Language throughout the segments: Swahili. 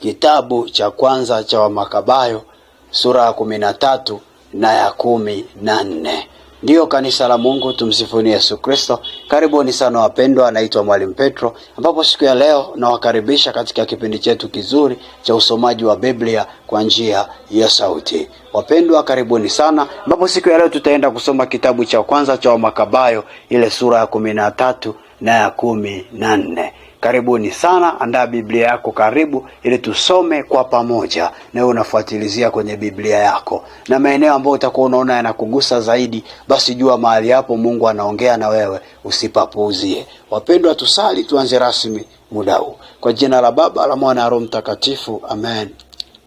kitabu cha kwanza cha Wamakabayo sura ya kumi na tatu na ya kumi na nne. Ndiyo kanisa la Mungu, tumsifuni Yesu Kristo. Karibuni sana wapendwa, anaitwa Mwalimu Petro, ambapo siku ya leo nawakaribisha katika kipindi chetu kizuri cha usomaji wa Biblia kwa njia ya sauti. Wapendwa, karibuni sana, ambapo siku ya leo tutaenda kusoma kitabu cha kwanza cha Wamakabayo, ile sura ya kumi na tatu na ya kumi na nne. Karibuni sana, andaa Biblia yako karibu ili tusome kwa pamoja, na wewe unafuatilizia kwenye Biblia yako, na maeneo ambayo utakuwa unaona yanakugusa zaidi, basi jua mahali hapo Mungu anaongea na wewe, usipapuuzie. Wapendwa, tusali tuanze rasmi muda huu kwa jina la Baba la Mwana na Roho Mtakatifu, amen.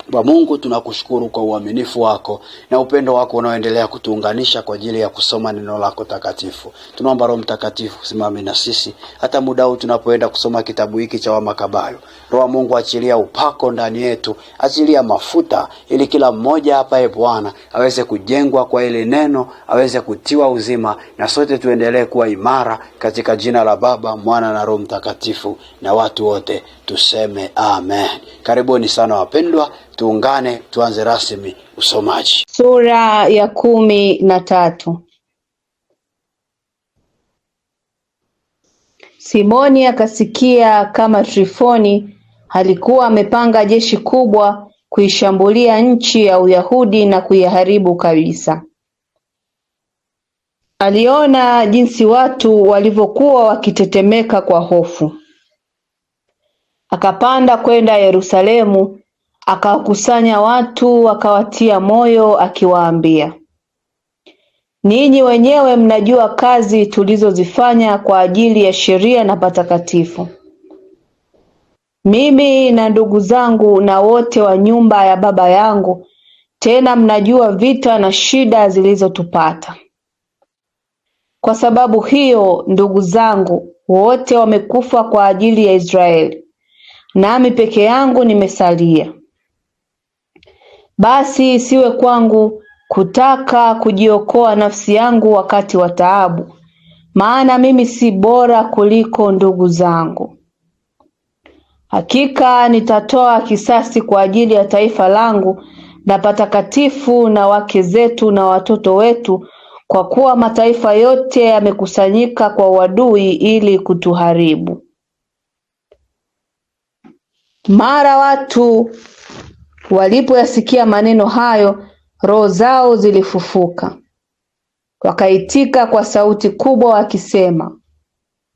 Baba Mungu, tunakushukuru kwa uaminifu wako na upendo wako unaoendelea kutuunganisha kwa ajili ya kusoma neno lako takatifu. Tunaomba Roho Mtakatifu simame na sisi hata muda huu tunapoenda kusoma kitabu hiki cha Wamakabayo. Roho Mungu, achilia upako ndani yetu, achilia mafuta ili kila mmoja hapa, e Bwana, aweze kujengwa kwa ile neno, aweze kutiwa uzima, na sote tuendelee kuwa imara katika jina la Baba, Mwana na Roho Mtakatifu na watu wote tuseme amen. Karibuni sana wapendwa, tuungane tuanze rasmi usomaji sura ya kumi na tatu. Simoni akasikia kama Trifoni alikuwa amepanga jeshi kubwa kuishambulia nchi ya Uyahudi na kuiharibu kabisa. Aliona jinsi watu walivyokuwa wakitetemeka kwa hofu. Akapanda kwenda Yerusalemu, akawakusanya watu, akawatia moyo, akiwaambia, ninyi wenyewe mnajua kazi tulizozifanya kwa ajili ya sheria na patakatifu, mimi na ndugu zangu na wote wa nyumba ya baba yangu. Tena mnajua vita na shida zilizotupata. Kwa sababu hiyo, ndugu zangu wote wamekufa kwa ajili ya Israeli, nami peke yangu nimesalia. Basi isiwe kwangu kutaka kujiokoa nafsi yangu wakati wa taabu, maana mimi si bora kuliko ndugu zangu. Hakika nitatoa kisasi kwa ajili ya taifa langu na patakatifu na wake zetu na watoto wetu, kwa kuwa mataifa yote yamekusanyika kwa uadui ili kutuharibu. Mara watu walipoyasikia maneno hayo roho zao zilifufuka, wakaitika kwa sauti kubwa wakisema,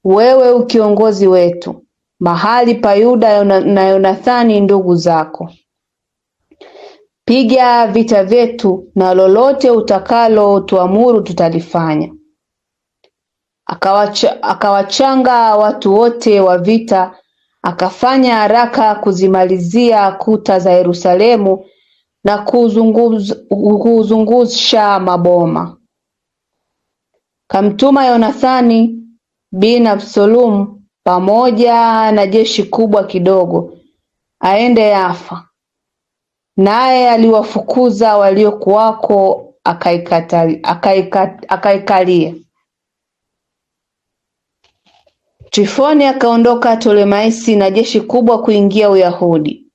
wewe ukiongozi wetu mahali pa Yuda na Yonathani ndugu zako, piga vita vyetu, na lolote utakalo tuamuru tutalifanya. Akawacha, akawachanga watu wote wa vita Akafanya haraka kuzimalizia kuta za Yerusalemu na kuzungusha maboma. Kamtuma Yonathani bin Absalom pamoja na jeshi kubwa kidogo aende Yafa, naye aliwafukuza waliokuwako akaikalia. Trifoni akaondoka Tolemaisi na jeshi kubwa kuingia Uyahudi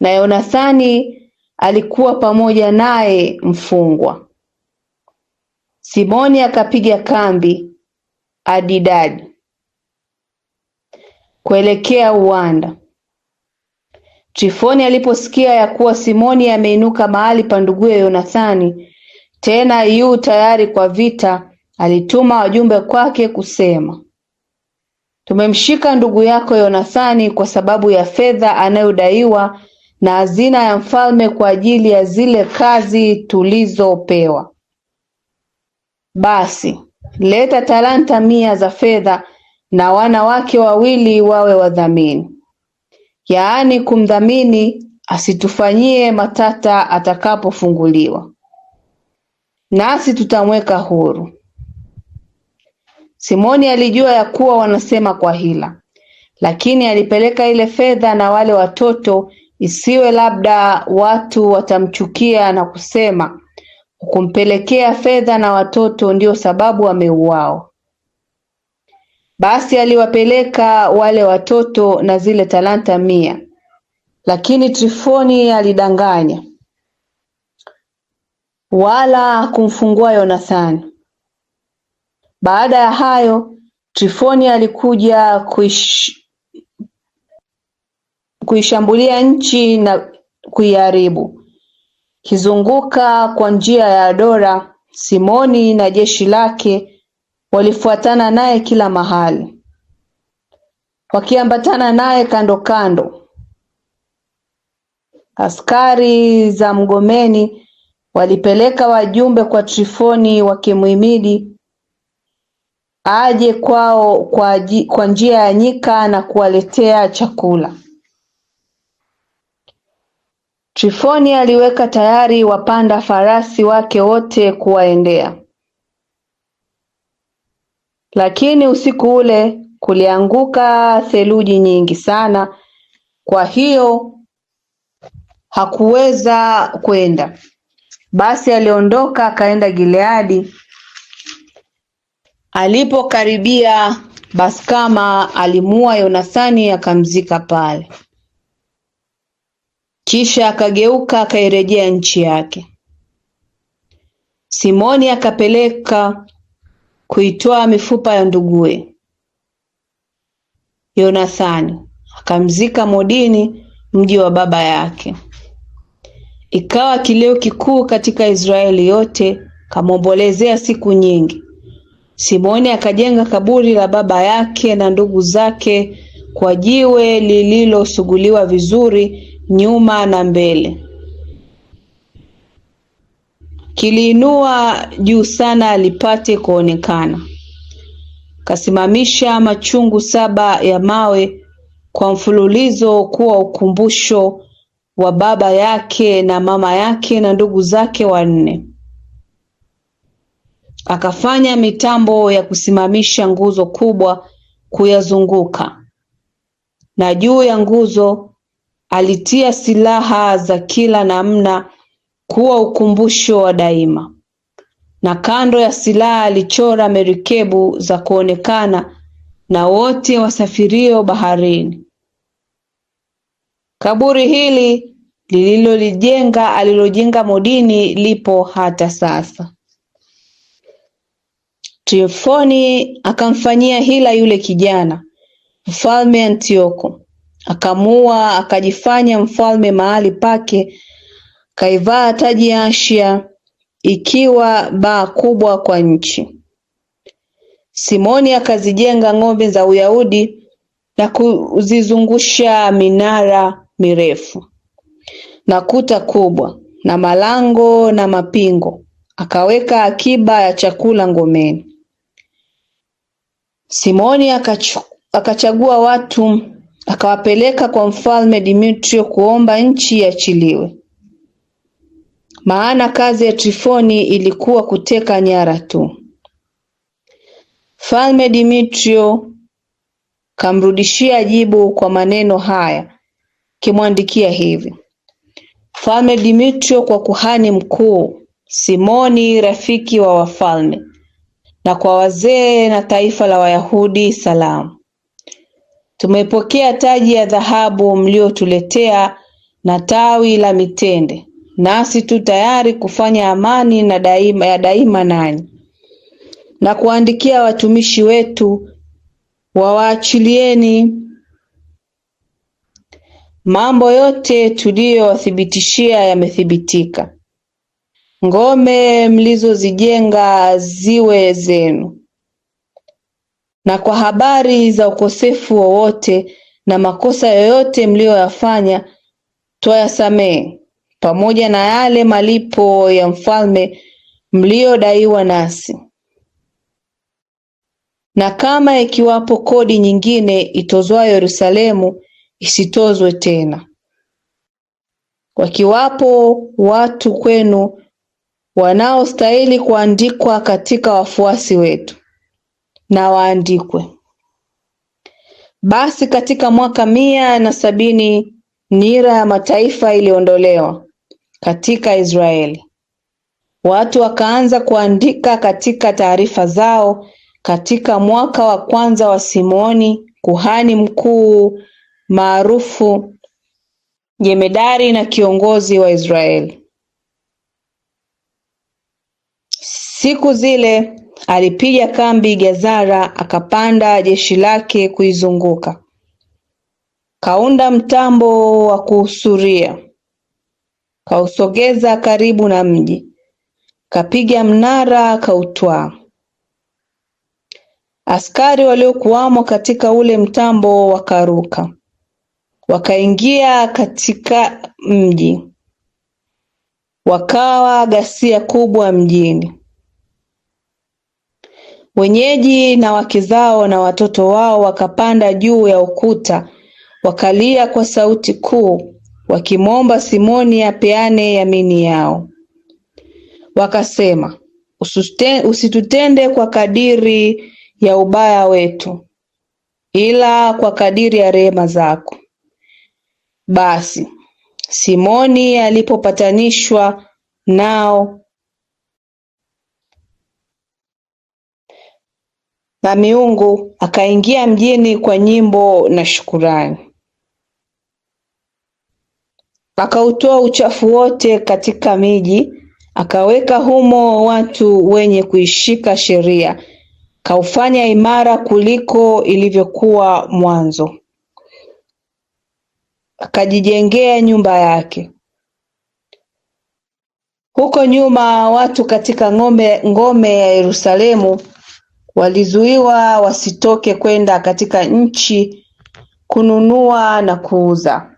na Yonathani alikuwa pamoja naye mfungwa. Simoni akapiga kambi Adidad kuelekea uwanda. Trifoni aliposikia ya kuwa Simoni ameinuka mahali pa nduguye Yonathani, tena yu tayari kwa vita, alituma wajumbe kwake kusema Tumemshika ndugu yako Yonathani kwa sababu ya fedha anayodaiwa na hazina ya mfalme kwa ajili ya zile kazi tulizopewa. Basi leta talanta mia za fedha na wanawake wawili wawe wadhamini, yaani kumdhamini asitufanyie matata atakapofunguliwa, nasi tutamweka huru. Simoni alijua ya kuwa wanasema kwa hila, lakini alipeleka ile fedha na wale watoto, isiwe labda watu watamchukia na kusema kumpelekea fedha na watoto ndio sababu ameuao. Basi aliwapeleka wale watoto na zile talanta mia, lakini Trifoni alidanganya, wala kumfungua Yonathani. Baada ya hayo Trifoni alikuja kuishambulia nchi na kuiharibu Kizunguka kwa njia ya dora Simoni na jeshi lake walifuatana naye kila mahali wakiambatana naye kando kando. Askari za Mgomeni walipeleka wajumbe kwa Trifoni wakimhimidi aje kwao kwa njia ya nyika na kuwaletea chakula. Trifoni aliweka tayari wapanda farasi wake wote kuwaendea. Lakini usiku ule kulianguka theluji nyingi sana, kwa hiyo hakuweza kwenda. Basi aliondoka akaenda Gileadi Alipokaribia Baskama alimua Yonathani akamzika pale. Kisha akageuka akairejea nchi yake. Simoni akapeleka kuitoa mifupa ya nduguye Yonathani akamzika Modini, mji wa baba yake. Ikawa kilio kikuu katika Israeli yote, kamwombolezea siku nyingi. Simoni akajenga kaburi la baba yake na ndugu zake kwa jiwe lililosuguliwa vizuri nyuma na mbele, kiliinua juu sana lipate kuonekana. Kasimamisha machungu saba ya mawe kwa mfululizo kuwa ukumbusho wa baba yake na mama yake na ndugu zake wanne. Akafanya mitambo ya kusimamisha nguzo kubwa kuyazunguka, na juu ya nguzo alitia silaha za kila namna kuwa ukumbusho wa daima, na kando ya silaha alichora merikebu za kuonekana na wote wasafirio baharini. Kaburi hili lililolijenga alilojenga Modini lipo hata sasa. Triofoni akamfanyia hila yule kijana mfalme Antioko akamua akajifanya mfalme mahali pake kaivaa taji ya Asia ikiwa baa kubwa kwa nchi. Simoni akazijenga ng'ombe za Uyahudi na kuzizungusha minara mirefu na kuta kubwa na malango na mapingo, akaweka akiba ya chakula ngomeni. Simoni akachagua watu akawapeleka kwa Mfalme Dimitrio kuomba nchi iachiliwe, maana kazi ya Trifoni ilikuwa kuteka nyara tu. Mfalme Dimitrio kamrudishia jibu kwa maneno haya, kimwandikia hivi: Mfalme Dimitrio kwa kuhani mkuu Simoni, rafiki wa wafalme na kwa wazee na taifa la Wayahudi salamu. Tumepokea taji ya dhahabu mliotuletea na tawi la mitende, nasi tu tayari kufanya amani na daima, ya daima nanyi na kuandikia watumishi wetu wawaachilieni mambo yote tuliyowathibitishia yamethibitika, Ngome mlizozijenga ziwe zenu, na kwa habari za ukosefu wowote na makosa yoyote mliyoyafanya twayasamehe, pamoja na yale malipo ya mfalme mliyodaiwa nasi, na kama ikiwapo kodi nyingine itozwayo Yerusalemu isitozwe tena. Wakiwapo watu kwenu wanaostahili kuandikwa katika wafuasi wetu na waandikwe. Basi katika mwaka mia na sabini nira ya mataifa iliondolewa katika Israeli, watu wakaanza kuandika katika taarifa zao katika mwaka wa kwanza wa Simoni kuhani mkuu maarufu, jemedari na kiongozi wa Israeli. Siku zile alipiga kambi Gazara, akapanda jeshi lake kuizunguka, kaunda mtambo wa kuhusuria kausogeza karibu na mji, kapiga mnara, kautwaa. Askari waliokuwamo katika ule mtambo wakaruka, wakaingia katika mji, wakawa ghasia kubwa mjini. Wenyeji na wake zao na watoto wao wakapanda juu ya ukuta, wakalia kwa sauti kuu, wakimwomba Simoni apeane yamini yao. Wakasema, usitutende kwa kadiri ya ubaya wetu, ila kwa kadiri ya rehema zako. Basi Simoni alipopatanishwa nao Namiungu akaingia mjini kwa nyimbo na shukurani akautoa uchafu wote katika miji, akaweka humo watu wenye kuishika sheria, kaufanya imara kuliko ilivyokuwa mwanzo, akajijengea nyumba yake. Huko nyuma watu katika ngome, ngome ya Yerusalemu walizuiwa wasitoke kwenda katika nchi kununua na kuuza.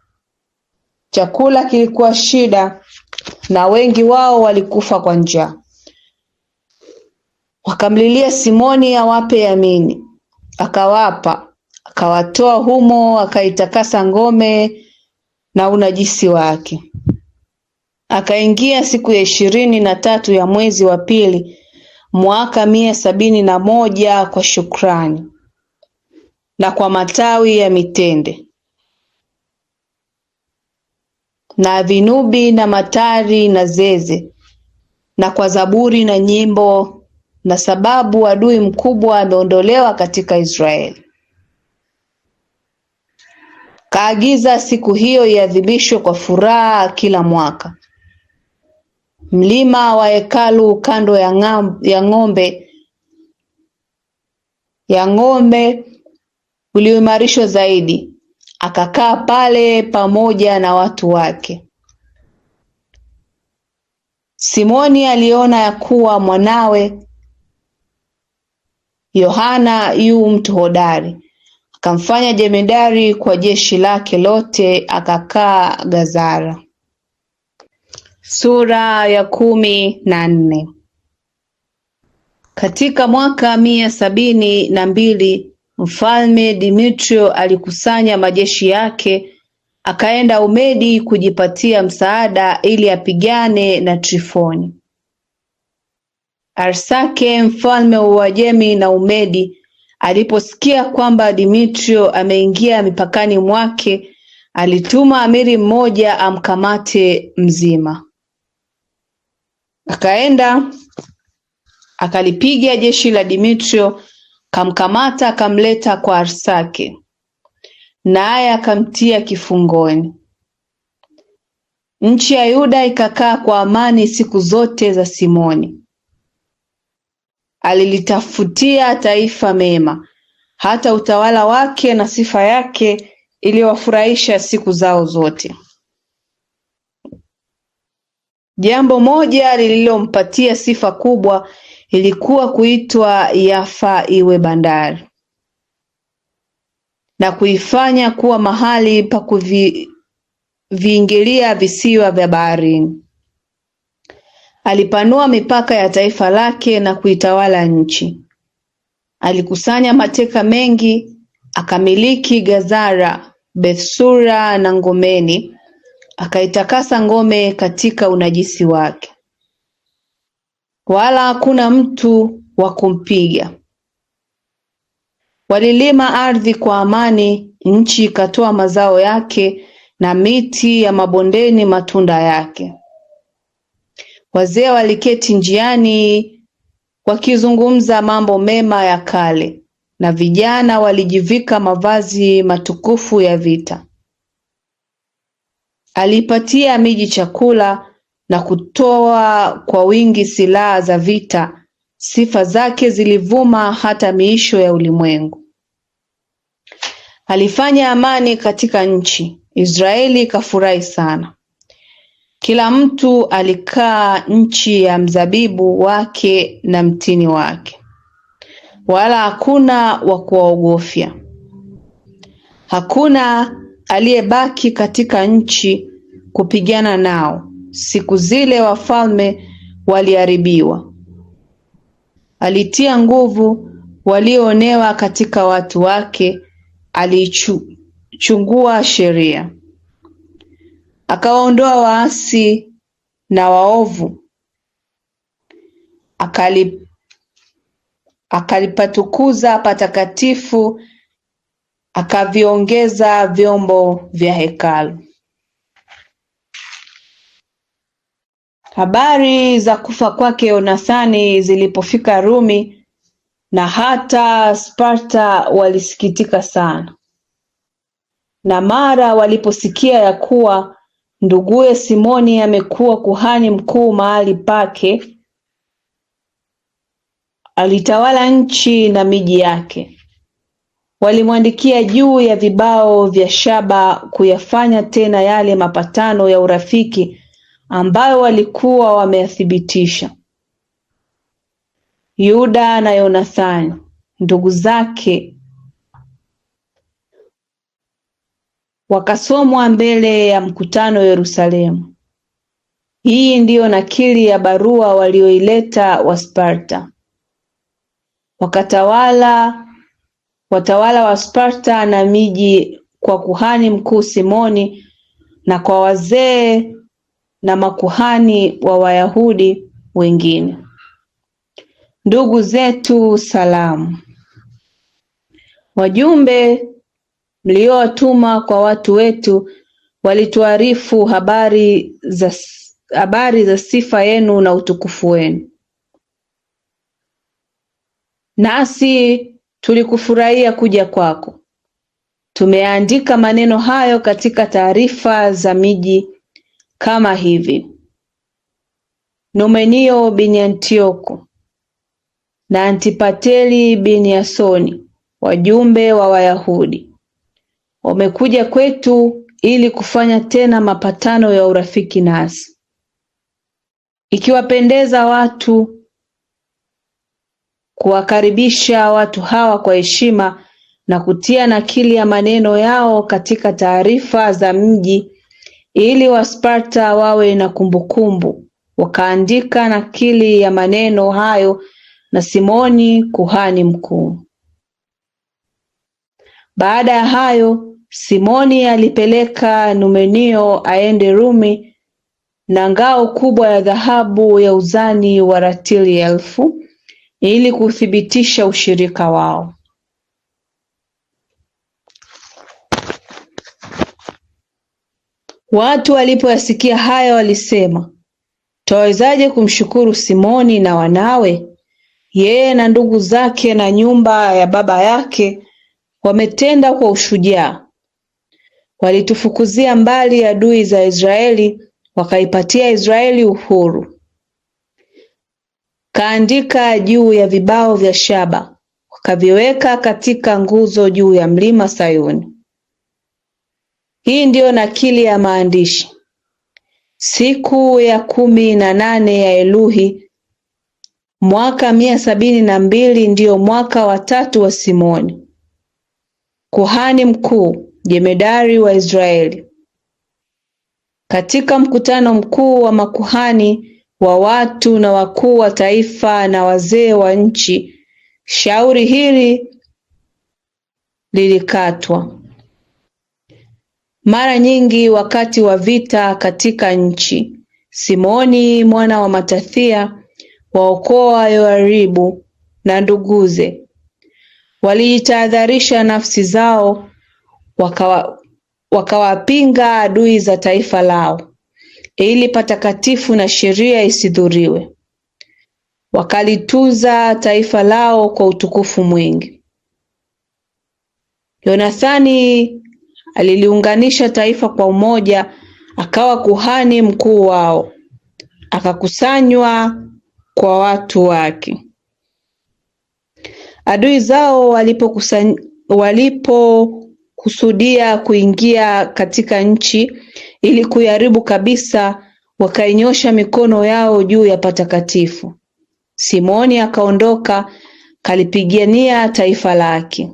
Chakula kilikuwa shida na wengi wao walikufa kwa njaa. Wakamlilia Simoni awape amini, akawapa, akawatoa humo, akaitakasa ngome na unajisi wake. Akaingia siku ya ishirini na tatu ya mwezi wa pili mwaka mia sabini na moja kwa shukrani na kwa matawi ya mitende na vinubi na matari na zeze na kwa zaburi na nyimbo, na sababu adui mkubwa ameondolewa katika Israeli. Kaagiza siku hiyo iadhimishwe kwa furaha kila mwaka, mlima wa hekalu kando ya, ngam, ya ng'ombe ya ng'ombe ulioimarishwa zaidi, akakaa pale pamoja na watu wake. Simoni aliona ya kuwa mwanawe Yohana yu mtu hodari, akamfanya jemedari kwa jeshi lake lote, akakaa Gazara sura ya kumi na nne. Katika mwaka mia sabini na mbili mfalme Dimitrio alikusanya majeshi yake akaenda Umedi kujipatia msaada ili apigane na Trifoni. Arsake mfalme wa Uajemi na Umedi aliposikia kwamba Dimitrio ameingia mipakani mwake, alituma amiri mmoja amkamate mzima. Akaenda akalipiga jeshi la Demetrio, kamkamata akamleta kwa Arsake, naye akamtia kifungoni. Nchi ya Yuda ikakaa kwa amani siku zote za Simoni. Alilitafutia taifa mema, hata utawala wake na sifa yake iliwafurahisha siku zao zote. Jambo moja lililompatia sifa kubwa ilikuwa kuitwa Yafa iwe bandari na kuifanya kuwa mahali pa kuviingilia visiwa vya baharini. Alipanua mipaka ya taifa lake na kuitawala nchi. Alikusanya mateka mengi, akamiliki Gazara, Bethsura na Ngomeni akaitakasa ngome katika unajisi wake, wala hakuna mtu wa kumpiga. Walilima ardhi kwa amani, nchi ikatoa mazao yake, na miti ya mabondeni matunda yake. Wazee waliketi njiani wakizungumza mambo mema ya kale, na vijana walijivika mavazi matukufu ya vita. Aliipatia miji chakula na kutoa kwa wingi silaha za vita. Sifa zake zilivuma hata miisho ya ulimwengu. Alifanya amani katika nchi. Israeli ikafurahi sana. Kila mtu alikaa nchi ya mzabibu wake na mtini wake, wala hakuna wa kuwaogofya. Hakuna aliyebaki katika nchi kupigana nao. Siku zile wafalme waliharibiwa, alitia nguvu walioonewa katika watu wake, alichungua sheria, akawaondoa waasi na waovu, akalipatukuza patakatifu Akaviongeza vyombo vya hekalu. Habari za kufa kwake Yonathani zilipofika Rumi na hata Sparta walisikitika sana, na mara waliposikia ya kuwa nduguye Simoni amekuwa kuhani mkuu mahali pake, alitawala nchi na miji yake Walimwandikia juu ya vibao vya shaba kuyafanya tena yale mapatano ya urafiki ambayo walikuwa wameyathibitisha Yuda na Yonathani ndugu zake wakasomwa mbele ya mkutano Yerusalemu. Hii ndiyo nakili ya barua walioileta Wasparta. Wakatawala watawala wa Sparta na miji kwa kuhani mkuu Simoni na kwa wazee na makuhani wa Wayahudi wengine. Ndugu zetu salamu. Wajumbe mliowatuma kwa watu wetu walituarifu habari za, habari za sifa yenu na utukufu wenu, nasi Tulikufurahia kuja kwako. tumeandika maneno hayo katika taarifa za miji kama hivi: Nomenio bin Antioko na Antipateli bin Yasoni, wajumbe wa Wayahudi, wamekuja kwetu ili kufanya tena mapatano ya urafiki nasi. Ikiwapendeza watu kuwakaribisha watu hawa kwa heshima na kutia nakili ya maneno yao katika taarifa za mji ili Wasparta wawe na kumbukumbu. Wakaandika nakili ya maneno hayo na Simoni kuhani mkuu. Baada ya hayo, Simoni alipeleka Numenio aende Rumi na ngao kubwa ya dhahabu ya uzani wa ratili elfu ili kuthibitisha ushirika wao Watu walipoyasikia haya walisema, twawezaje kumshukuru Simoni na wanawe? Yeye na ndugu zake na nyumba ya baba yake wametenda kwa ushujaa, walitufukuzia mbali adui za Israeli, wakaipatia Israeli uhuru. Kaandika juu ya vibao vya shaba, wakaviweka katika nguzo juu ya mlima Sayuni. Hii ndiyo nakili ya maandishi: siku ya kumi na nane ya Eluhi mwaka mia sabini na mbili ndiyo mwaka wa tatu wa Simoni kuhani mkuu, jemedari wa Israeli, katika mkutano mkuu wa makuhani wa watu na wakuu wa taifa na wazee wa nchi. Shauri hili lilikatwa mara nyingi wakati wa vita katika nchi. Simoni mwana wa Matathia waokoa Yoaribu na nduguze walijitahadharisha nafsi zao, wakawapinga wakawa adui za taifa lao ili patakatifu na sheria isidhuriwe, wakalituza taifa lao kwa utukufu mwingi. Yonathani aliliunganisha taifa kwa umoja, akawa kuhani mkuu wao, akakusanywa kwa watu wake. Adui zao walipokusudia kuingia katika nchi ili kuyaribu kabisa, wakainyosha mikono yao juu ya patakatifu. Simoni akaondoka kalipigania taifa lake.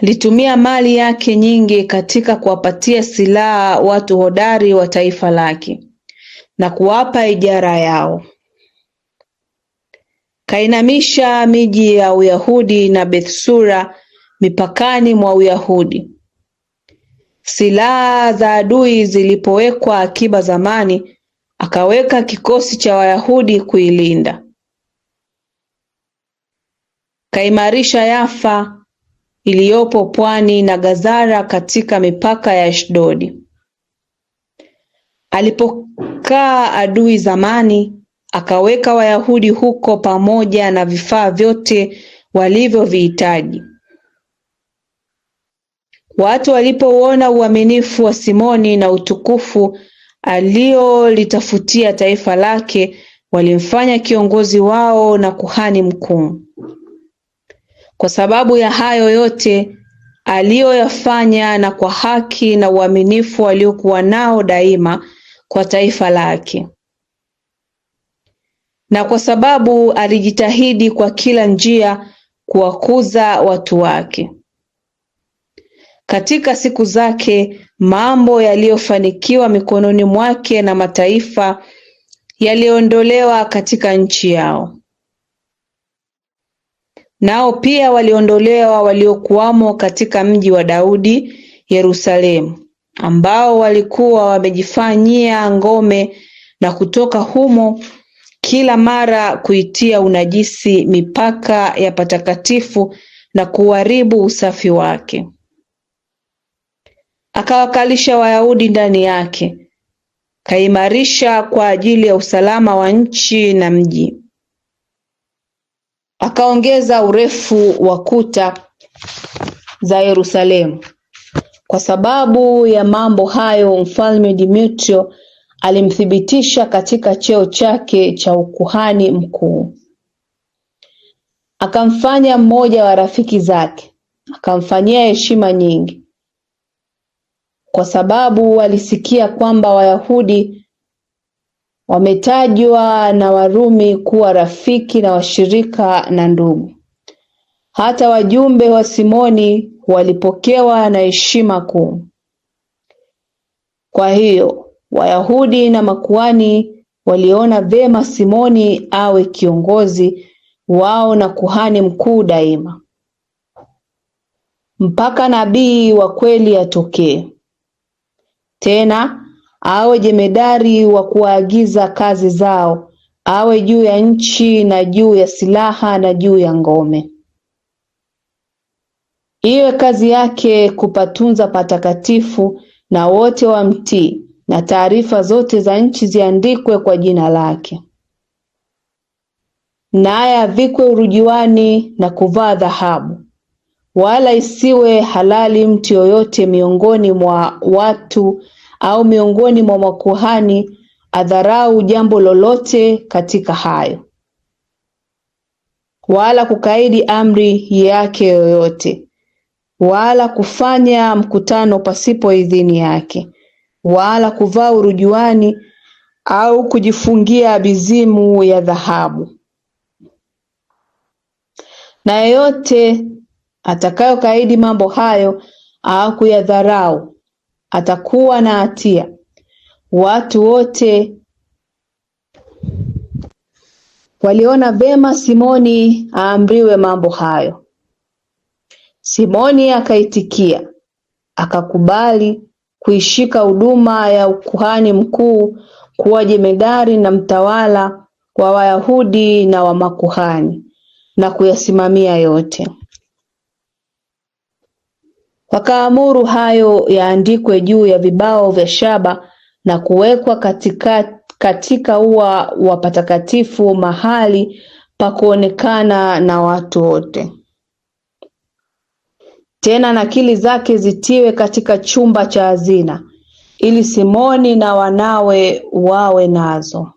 Litumia mali yake nyingi katika kuwapatia silaha watu hodari wa taifa lake na kuwapa ijara yao. Kainamisha miji ya Uyahudi na Bethsura mipakani mwa Uyahudi Silaha za adui zilipowekwa akiba zamani akaweka kikosi cha Wayahudi kuilinda. Kaimarisha Yafa iliyopo pwani na Gazara katika mipaka ya Ashdodi. Alipokaa adui zamani akaweka Wayahudi huko pamoja na vifaa vyote walivyovihitaji. Watu walipouona uaminifu wa Simoni na utukufu aliolitafutia taifa lake walimfanya kiongozi wao na kuhani mkuu. Kwa sababu ya hayo yote aliyoyafanya na kwa haki na uaminifu aliokuwa nao daima kwa taifa lake, na kwa sababu alijitahidi kwa kila njia kuwakuza watu wake. Katika siku zake mambo yaliyofanikiwa mikononi mwake na mataifa yaliondolewa katika nchi yao, nao pia waliondolewa waliokuwamo katika mji wa Daudi Yerusalemu, ambao walikuwa wamejifanyia ngome na kutoka humo kila mara kuitia unajisi mipaka ya patakatifu na kuharibu usafi wake akawakalisha Wayahudi ndani yake kaimarisha kwa ajili ya usalama wa nchi na mji. Akaongeza urefu wa kuta za Yerusalemu. Kwa sababu ya mambo hayo, mfalme Demetrio alimthibitisha katika cheo chake cha ukuhani mkuu, akamfanya mmoja wa rafiki zake, akamfanyia heshima nyingi kwa sababu walisikia kwamba Wayahudi wametajwa na Warumi kuwa rafiki na washirika na ndugu. Hata wajumbe wa Simoni walipokewa na heshima kuu. Kwa hiyo Wayahudi na makuani waliona vema Simoni awe kiongozi wao na kuhani mkuu daima, mpaka nabii wa kweli atokee. Tena awe jemedari wa kuwaagiza kazi zao, awe juu ya nchi na juu ya silaha na juu ya ngome. Iwe kazi yake kupatunza patakatifu, na wote wa mtii na taarifa zote za nchi ziandikwe kwa jina lake, naye avikwe urujiwani na kuvaa dhahabu wala isiwe halali mtu yoyote miongoni mwa watu au miongoni mwa makuhani adharau jambo lolote katika hayo, wala kukaidi amri yake yoyote, wala kufanya mkutano pasipo idhini yake, wala kuvaa urujuani au kujifungia bizimu ya dhahabu, na yeyote Atakayokaidi mambo hayo au kuyadharau atakuwa na hatia. Watu wote waliona vema Simoni aamriwe mambo hayo. Simoni akaitikia, akakubali kuishika huduma ya ukuhani mkuu, kuwa jemedari na mtawala wa Wayahudi na wa makuhani, na kuyasimamia yote. Wakaamuru hayo yaandikwe juu ya vibao vya shaba na kuwekwa katika ua wa patakatifu mahali pa kuonekana na watu wote. Tena nakili zake zitiwe katika chumba cha hazina ili Simoni na wanawe wawe nazo.